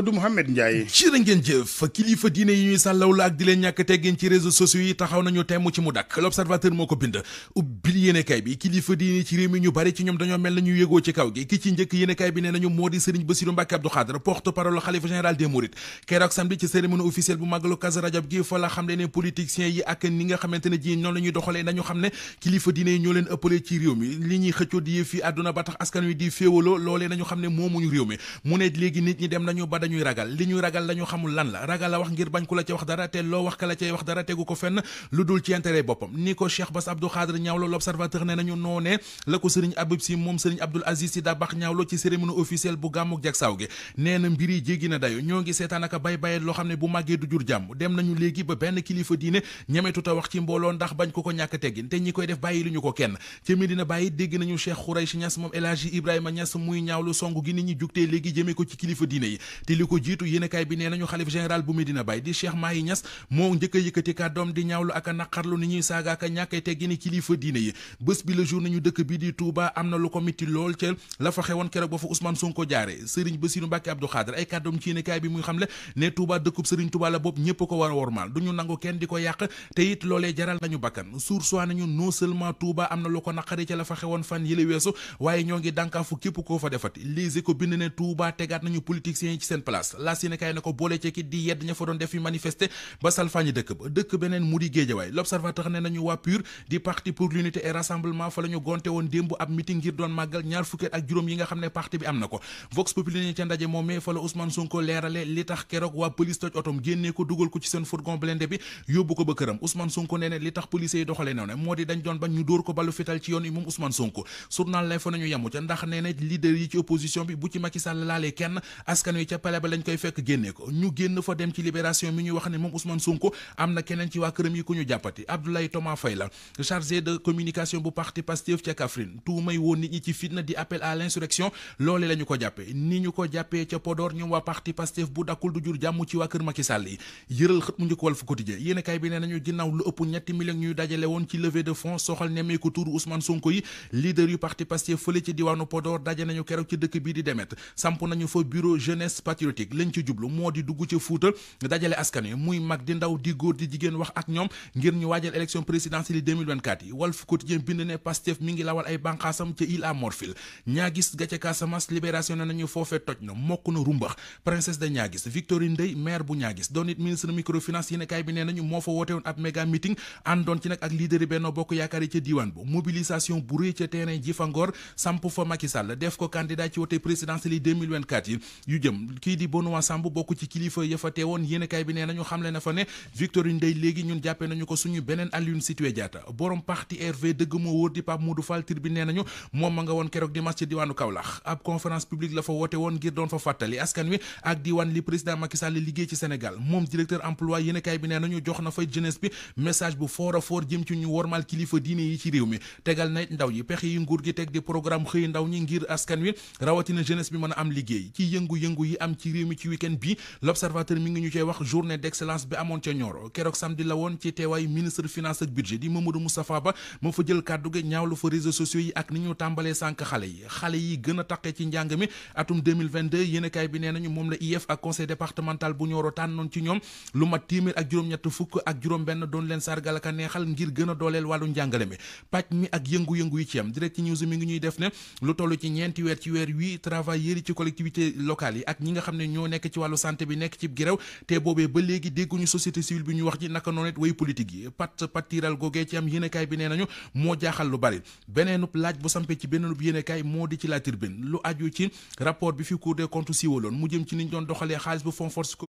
Odou Mouhamed Ndiaye ci fa jëf kilifa diine yi ñuy sàllaw la ak di leen ñàkk teggin ci réseaux sociaux yi taxaw nañu temm ci mu dakk l'observateur moo ko bind ubbi di yéenekaay bi kilifa diine ci réew mi ñu bari ci ñoom dañoo mel na ñu ci kaw gi ki ci njëkk yéenekaay bi nee nañu moo di sëriñ Bassirou Mbacké Abdou Khadre porte-parole xalifa général des mourides keroog samedi ci cérémonie officielle bu màggalu Kazu Rajab gi fa la xam le ne politiciens yi ak ni nga xamante ji noonu la ñuy doxalee nañu xam ne kilifa diine ñoo leen ëppale ci réew mi li ñuy xëccoo di yëf àdduna ba tax askan wi di féewaloo loolee nañu xam la ragal la la ca wax dara te loo l'observateur ne nañu noonee la ko sëriñ Abib si moom sëriñ Abdoul Aziz si dabax ñaawlo ci cérémonie officielle bu gàmmuk jagsaaw gi nee na mbir na ñoo ngi seetaan aka bay bayet loo xam ne bu màggee du jur jàmm dem nañu léegi ba benn kilifa diine ñemetu ta wax ci mbooloo ndax bañ ko ko ñàkk teggin te ñi koy def bàyyi lu ko kenn ca Medina Baye dégg nañu Cheikh Khouraychi Niass moom Ibrahima Niass muy ñaawlu song gi nit ñi jugtee léegi jëmee ko ci kilifa diine yi te li ko jiitu yéenekaay bi nee nañu xalif général bu Medina Baye di Cheikh Mahi Niass moo njëkk a yëkkati kàddoom di ñaawlu ak a naqarlu ni ñuy saaga ak a ñàkkee teggini kilifa diine yi bés bi le jour nañu dëkk bi di Touba am na lu ko mitti lool ca la fa xewoon keroog ba fa Ousmane Sonko jaare Serigne Bassirou Mbacke Abdou Khadre ay kàddoom ci yéene bi muy xamle ne Touba dëkk beneen mu di Géejawaay L'Observateur ne nañu waa PUR di parti pour l'unité ay rassemblement fa la ñu gonte woon démb ab meeting ngir doon màggal ñaar fukki at ak juróom yi nga xam ne parti bi am na ko Vox Populi ca ndaje moomee fa la Ousmane Sonko leerale li tax keroog waa police toj otom génnee ko dugal ko ci seen fourgon blindé bi yóbbu ko ba këram Ousmane Sonko nee ne li tax police yi doxale noonu moom Ousmane Sonko journal lay fa nañu yamu ca ndax nee na leader yi ci opposition bi bu ci Macky Sall kenn askan wi ca palais ba lañ communication bu parti Pastef ca Kaffrine tuumay woon nit ñi ci fitna di appel à l'insurrection loole la ko jàppee ni ñu ko jàppee ca Podor ñoom waa parti Pastef bu dakkul du jur jàmm ci waa kër Macky yi yëral xët mu njëkk Walf Quotidien yéenekaay bi ne nañu ginnaaw lu ëpp ñetti millions ñuy dajale woon ci levée de fonds soxal nemmeeku turu Ousmane Sonko yi leader yu parti Pastef fële ci diwaanu Podor daje nañu keroog ci dëkk bii di demet samp nañu fa quotidien bind ne Pastef mi lawal ay banqaasam ca Île à ñaagis ga Casamance libération ne nañu foofe toj na mokk na rumbax princesse de ñaagis Victorine Ndeye maire bu ñaagis doon ministre microfinance yéen bi nee nañu moo fa woote woon ab méga meeting ci nag ak leader Benno Bokk Yaakaar yi ca diiwaan bu mobilisation bu rëy ca terrain ji fa ngor samp fa Macky def ko candidat ci wote présidentielle yi 2024 yi yu jëm kii di Benoît Sambou boobee dëgg moo wóor di Pape Modou Fall Tribune nee nañu moom ma nga woon keroog dimanche ci diwaanu Kaolack ab conférence publique la fa woote woon ngir doon fa fàttali askan wi ak diwaan li président Macky Sall liggéey ci Sénégal moom directeur emploi yéenekaay bi nee nañu jox na fa jeunesse bi message bu fort a fort jëm ci ñu wormal kilifa diine yi ci réew mi tegal na ndaw yi pexe yi nguur gi teg di programme xëy ndaw ñi ngir askan wi rawatina jeunesse bi fa jël kàddu gi ñaawlu fa réseaux sociaux yi ak ni sànq xale yi xale yi gën a taqee ci njàng mi atum 2022 yéenekaay bi nee nañu moom la IEF ak conseil départemental bu Nioro tànnoon ci ñoom lu mat téeméer ak juróom-ñett benn doon leen sargal ak neexal ngir gën a dooleel wàllu njàngale yëngu-yëngu yi ci am direct news mi ngi ñuy def ne lu toll ci ñeenti weer ci weer wi travailleurs yi ci collectivité locale yi ak ñi nga xam ne ñoo nekk ci wàllu santé bi nekk ci giréw te boobee ba léegi dégguñu société civile bi ñu wax ji naka noonu it way politique yi pat patiral googee ci am yéenekaay bi nee nañu moo jaaxal lu bari beneenub laaj bu sampee ci beneenub yéenekaay moo di ci La Tribune lu aju ci rapport bi fi Cour des comptes siiwaloon mu jëm ci niñ doon doxalee xaalis bu Fonds Force